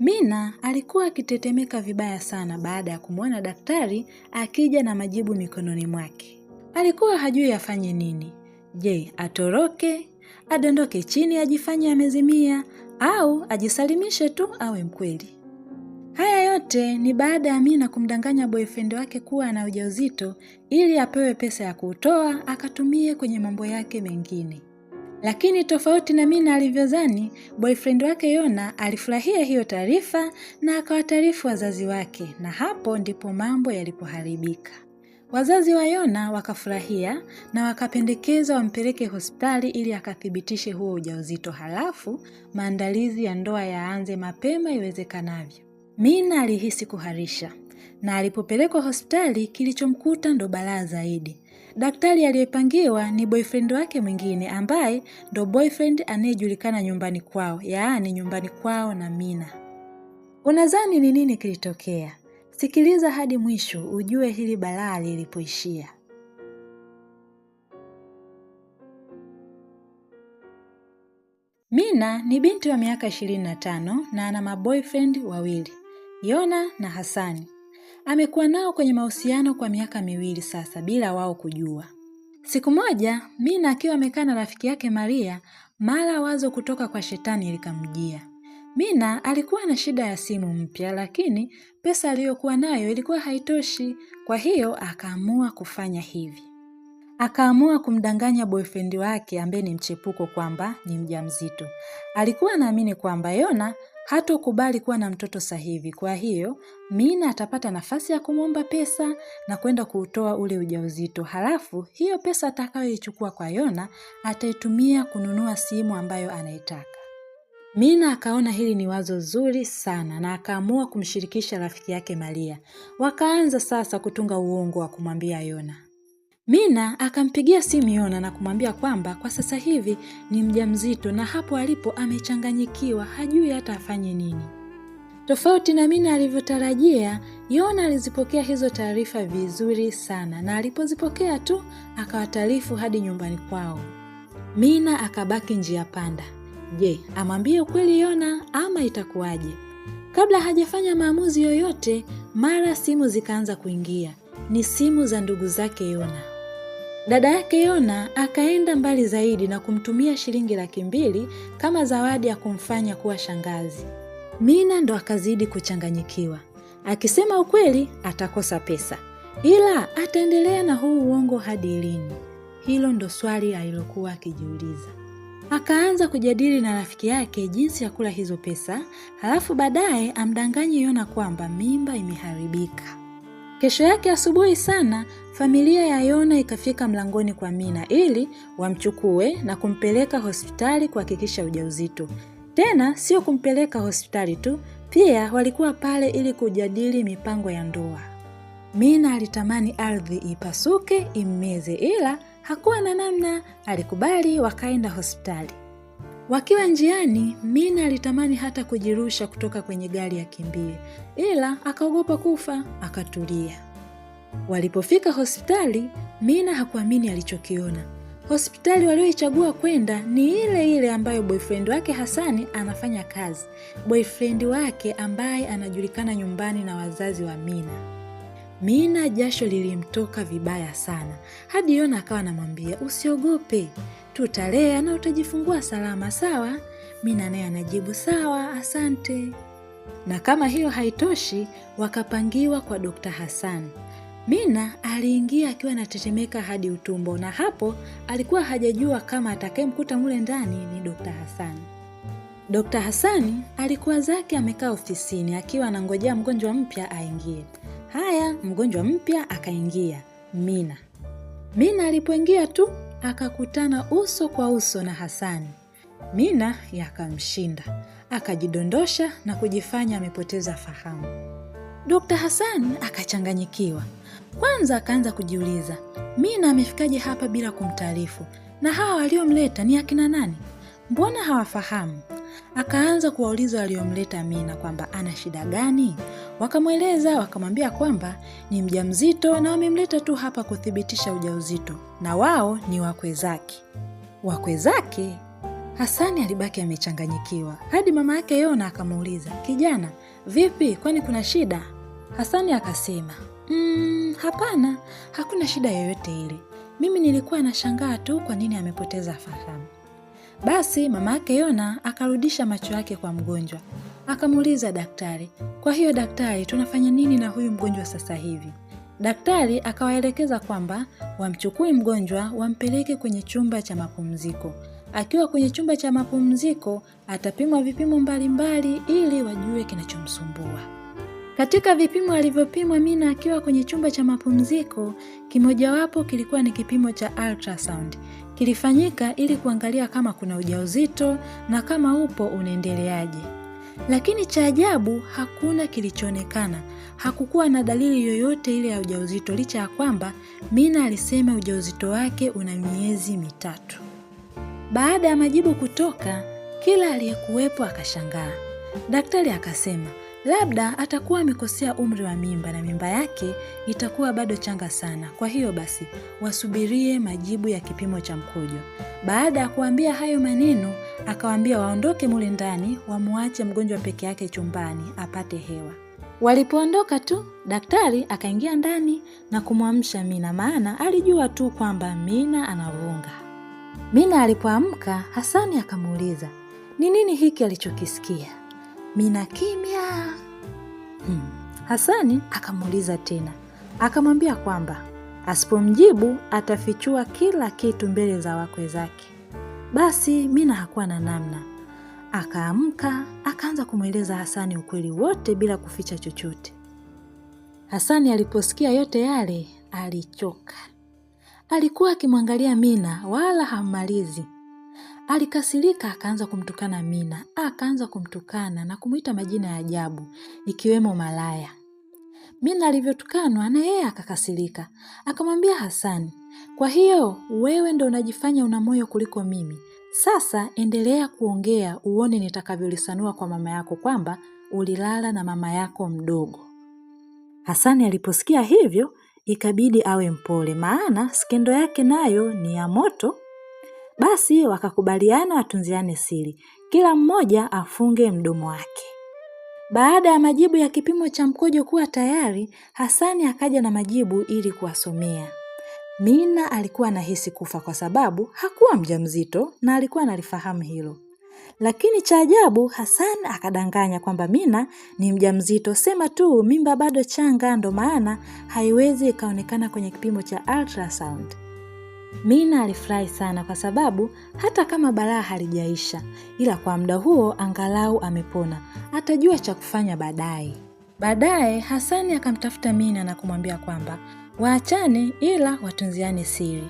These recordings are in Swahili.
Mina alikuwa akitetemeka vibaya sana baada ya kumwona daktari akija na majibu mikononi mwake. Alikuwa hajui afanye nini. Je, atoroke, adondoke chini ajifanye amezimia au ajisalimishe tu awe mkweli? Haya yote ni baada ya Mina kumdanganya boyfriend wake kuwa ana ujauzito ili apewe pesa ya kuutoa akatumie kwenye mambo yake mengine. Lakini tofauti na Mina alivyozani boyfriend wake Yona alifurahia hiyo taarifa na akawataarifu wazazi wake, na hapo ndipo mambo yalipoharibika. Wazazi wa Yona wakafurahia na wakapendekeza wampeleke hospitali ili akathibitishe huo ujauzito, halafu maandalizi ya ndoa yaanze mapema iwezekanavyo. Mina alihisi kuharisha na alipopelekwa hospitali, kilichomkuta ndo balaa zaidi. Daktari aliyepangiwa ni boyfriend wake mwingine ambaye ndo boyfriend anayejulikana nyumbani kwao, yaani nyumbani kwao na Mina. Unadhani ni nini kilitokea? Sikiliza hadi mwisho ujue hili balaa lilipoishia. Mina ni binti wa miaka 25 na ana maboyfriend wawili, Yona na Hasani. Amekuwa nao kwenye mahusiano kwa miaka miwili sasa bila wao kujua. Siku moja Mina akiwa amekaa na rafiki yake Maria, mara wazo kutoka kwa shetani likamjia. Mina alikuwa na shida ya simu mpya, lakini pesa aliyokuwa nayo ilikuwa haitoshi. Kwa hiyo akaamua kufanya hivi, akaamua kumdanganya boyfriend wake ambaye ni mchepuko kwamba ni mjamzito. Alikuwa anaamini kwamba Yona hatokubali kuwa na mtoto sasa hivi. Kwa hiyo Mina atapata nafasi ya kumwomba pesa na kwenda kuutoa ule ujauzito, halafu hiyo pesa atakayoichukua kwa Yona ataitumia kununua simu ambayo anaitaka. Mina akaona hili ni wazo zuri sana na akaamua kumshirikisha rafiki yake Maria. Wakaanza sasa kutunga uongo wa kumwambia Yona Mina akampigia simu Yona na kumwambia kwamba kwa sasa hivi ni mjamzito na hapo alipo amechanganyikiwa, hajui hata afanye nini. Tofauti na Mina alivyotarajia, Yona alizipokea hizo taarifa vizuri sana, na alipozipokea tu akawataarifu hadi nyumbani kwao. Mina akabaki njia panda. Je, amwambie ukweli Yona ama itakuwaje? Kabla hajafanya maamuzi yoyote, mara simu zikaanza kuingia. Ni simu za ndugu zake Yona. Dada yake Yona akaenda mbali zaidi na kumtumia shilingi laki mbili kama zawadi ya kumfanya kuwa shangazi. Mina ndo akazidi kuchanganyikiwa, akisema ukweli atakosa pesa, ila ataendelea na huu uongo hadi lini? Hilo ndo swali alilokuwa akijiuliza. Akaanza kujadili na rafiki yake jinsi ya kula hizo pesa, halafu baadaye amdanganye Yona kwamba mimba imeharibika. Kesho yake asubuhi sana familia ya Yona ikafika mlangoni kwa Mina ili wamchukue na kumpeleka hospitali kuhakikisha ujauzito. Tena sio kumpeleka hospitali tu, pia walikuwa pale ili kujadili mipango ya ndoa. Mina alitamani ardhi ipasuke immeze, ila hakuwa na namna. Alikubali, wakaenda hospitali. Wakiwa njiani, Mina alitamani hata kujirusha kutoka kwenye gari akimbie, ila akaogopa kufa, akatulia. Walipofika hospitali, Mina hakuamini alichokiona. Hospitali walioichagua kwenda ni ile ile ambayo boyfriend wake Hasani anafanya kazi, boyfriend wake ambaye anajulikana nyumbani na wazazi wa Mina. Mina jasho lilimtoka vibaya sana, hadi Yona akawa anamwambia usiogope, tutalea na utajifungua salama, sawa? Mina naye anajibu sawa, asante. Na kama hiyo haitoshi, wakapangiwa kwa Dokta Hassan. Mina aliingia akiwa anatetemeka hadi utumbo, na hapo alikuwa hajajua kama atakayemkuta mule ndani ni Dokta Hassan. Dokta Hasani alikuwa zake amekaa ofisini akiwa anangojea mgonjwa mpya aingie. Haya, mgonjwa mpya akaingia Mina. Mina alipoingia tu akakutana uso kwa uso na Hasani. Mina yakamshinda, akajidondosha na kujifanya amepoteza fahamu. Dokta Hasani akachanganyikiwa. Kwanza akaanza kujiuliza, Mina amefikaje hapa bila kumtaarifu, na hawa waliomleta ni akina nani? Mbona hawafahamu? Akaanza kuwauliza waliomleta mina kwamba ana shida gani. Wakamweleza, wakamwambia kwamba ni mjamzito na wamemleta tu hapa kuthibitisha ujauzito na wao ni wakwe zake. Wakwe zake? Hasani alibaki amechanganyikiwa hadi mama yake Yona akamuuliza, kijana, vipi, kwani kuna shida? Hasani akasema mm, hapana, hakuna shida yoyote ile. Mimi nilikuwa nashangaa tu kwa nini amepoteza fahamu. Basi mama yake Yona akarudisha macho yake kwa mgonjwa, akamuuliza daktari, kwa hiyo daktari, tunafanya nini na huyu mgonjwa sasa hivi? Daktari akawaelekeza kwamba wamchukue mgonjwa wampeleke kwenye chumba cha mapumziko. Akiwa kwenye chumba cha mapumziko atapimwa vipimo mbalimbali mbali, ili wajue kinachomsumbua. Katika vipimo alivyopimwa Mina akiwa kwenye chumba cha mapumziko, kimojawapo kilikuwa ni kipimo cha ultrasound kilifanyika ili kuangalia kama kuna ujauzito na kama upo unaendeleaje. Lakini cha ajabu hakuna kilichoonekana. Hakukuwa na dalili yoyote ile ya ujauzito, licha ya kwamba Mina alisema ujauzito wake una miezi mitatu. Baada ya majibu kutoka, kila aliyekuwepo akashangaa. Daktari akasema Labda atakuwa amekosea umri wa mimba na mimba yake itakuwa bado changa sana. Kwa hiyo basi, wasubirie majibu ya kipimo cha mkojo. Baada ya kuambia hayo maneno, akawaambia waondoke mule ndani, wamwache mgonjwa peke yake chumbani apate hewa. Walipoondoka tu, daktari akaingia ndani na kumwamsha Mina, maana alijua tu kwamba Mina anavunga. Mina alipoamka, Hasani akamuuliza ni nini hiki alichokisikia mina kimya. Hmm. Hasani akamuuliza tena, akamwambia kwamba asipomjibu atafichua kila kitu mbele za wakwe zake. Basi Mina hakuwa na namna, akaamka akaanza kumweleza Hasani ukweli wote bila kuficha chochote. Hasani aliposikia yote yale alichoka. Alikuwa akimwangalia Mina wala hammalizi. Alikasirika akaanza kumtukana Mina, ah, akaanza kumtukana na kumwita majina ya ajabu ikiwemo malaya. Mina alivyotukanwa na yeye akakasirika, akamwambia Hasani, kwa hiyo wewe ndo unajifanya una moyo kuliko mimi. Sasa endelea kuongea uone nitakavyolisanua kwa mama yako kwamba ulilala na mama yako mdogo. Hasani aliposikia hivyo, ikabidi awe mpole, maana skendo yake nayo ni ya moto basi wakakubaliana watunziane siri, kila mmoja afunge mdomo wake. Baada ya majibu ya kipimo cha mkojo kuwa tayari, Hasani akaja na majibu ili kuwasomea. Mina alikuwa anahisi kufa kwa sababu hakuwa mjamzito na alikuwa analifahamu hilo. Lakini cha ajabu, Hasani akadanganya kwamba Mina ni mjamzito, sema tu mimba bado changa, ndo maana haiwezi ikaonekana kwenye kipimo cha ultrasound. Mina alifurahi sana kwa sababu hata kama balaa halijaisha, ila kwa muda huo angalau amepona, atajua cha kufanya baadaye. Baadaye Hasani akamtafuta Mina na kumwambia kwamba waachane, ila watunziane siri.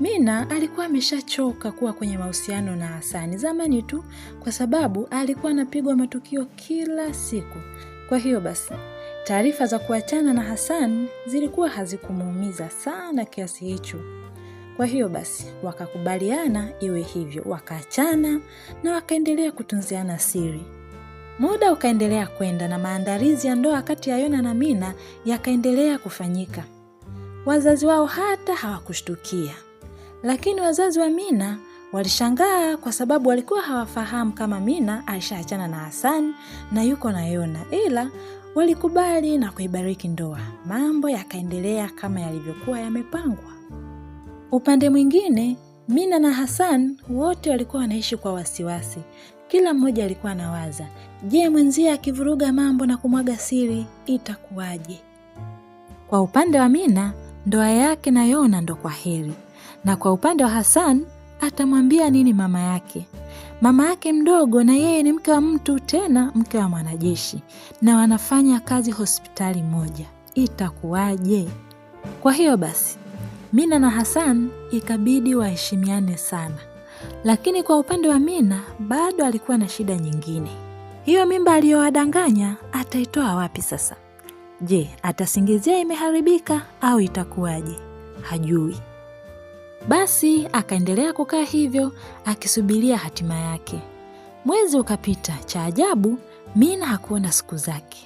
Mina alikuwa ameshachoka kuwa kwenye mahusiano na Hasani zamani tu, kwa sababu alikuwa anapigwa matukio kila siku. Kwa hiyo basi taarifa za kuachana na Hasani zilikuwa hazikumuumiza sana kiasi hicho. Kwa hiyo basi wakakubaliana iwe hivyo, wakaachana na wakaendelea kutunziana siri. Muda ukaendelea kwenda na maandalizi ya ndoa kati ya Yona na Mina yakaendelea kufanyika. Wazazi wao hata hawakushtukia, lakini wazazi wa Mina walishangaa kwa sababu walikuwa hawafahamu kama Mina alishaachana na Hasani na yuko na Yona, ila walikubali na kuibariki ndoa. Mambo yakaendelea kama yalivyokuwa yamepangwa. Upande mwingine, Mina na Hassan wote walikuwa wanaishi kwa wasiwasi. Kila mmoja alikuwa anawaza, je, mwenzie akivuruga mambo na kumwaga siri itakuwaje? Kwa upande wa Mina, ndoa yake na Yona ndo kwa heri, na kwa upande wa Hassan atamwambia nini mama yake? Mama yake mdogo na yeye ni mke wa mtu, tena mke wa mwanajeshi, na wanafanya kazi hospitali moja, itakuwaje? Kwa hiyo basi Mina na Hassan ikabidi waheshimiane sana, lakini kwa upande wa Mina bado alikuwa na shida nyingine. Hiyo mimba aliyowadanganya ataitoa wapi sasa? Je, atasingizia imeharibika au itakuwaje? Hajui. Basi akaendelea kukaa hivyo akisubiria hatima yake. Mwezi ukapita. Cha ajabu, Mina hakuona siku zake.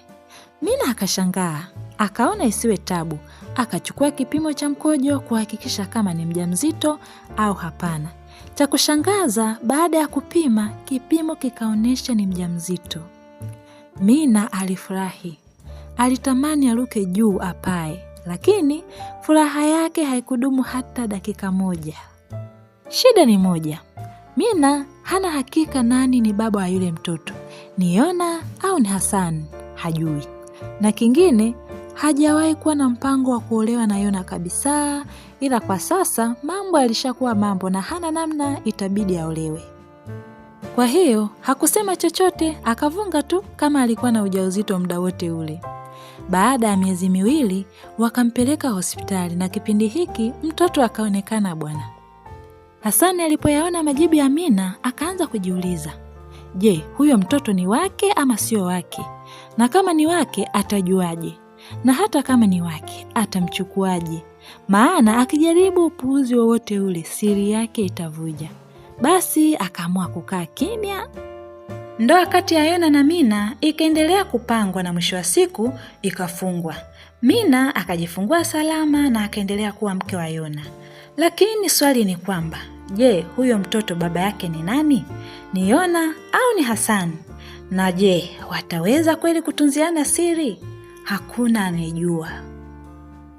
Mina akashangaa, akaona isiwe tabu, akachukua kipimo cha mkojo kuhakikisha kama ni mjamzito au hapana. Cha kushangaza, baada ya kupima, kipimo kikaonyesha ni mjamzito. Mina alifurahi, alitamani aruke juu apae, lakini furaha yake haikudumu hata dakika moja. Shida ni moja, Mina hana hakika nani ni baba wa yule mtoto, ni Yona au ni Hasani, hajui. Na kingine hajawahi kuwa na mpango wa kuolewa na Yona kabisa, ila kwa sasa mambo yalishakuwa mambo na hana namna, itabidi aolewe. Kwa hiyo hakusema chochote, akavunga tu kama alikuwa na ujauzito muda wote ule. Baada ya miezi miwili wakampeleka hospitali, na kipindi hiki mtoto akaonekana bwana. Hasani alipoyaona majibu ya mina akaanza kujiuliza, je, huyo mtoto ni wake ama sio wake? Na kama ni wake atajuaje? na hata kama ni wake atamchukuaje? Maana akijaribu upuuzi wowote ule, siri yake itavuja. Basi akaamua kukaa kimya. Ndoa kati ya Yona na Mina ikaendelea kupangwa na mwisho wa siku ikafungwa. Mina akajifungua salama na akaendelea kuwa mke wa Yona. Lakini swali ni kwamba je, huyo mtoto baba yake ni nani? Ni Yona au ni Hasani? Na je, wataweza kweli kutunziana siri? hakuna anayejua.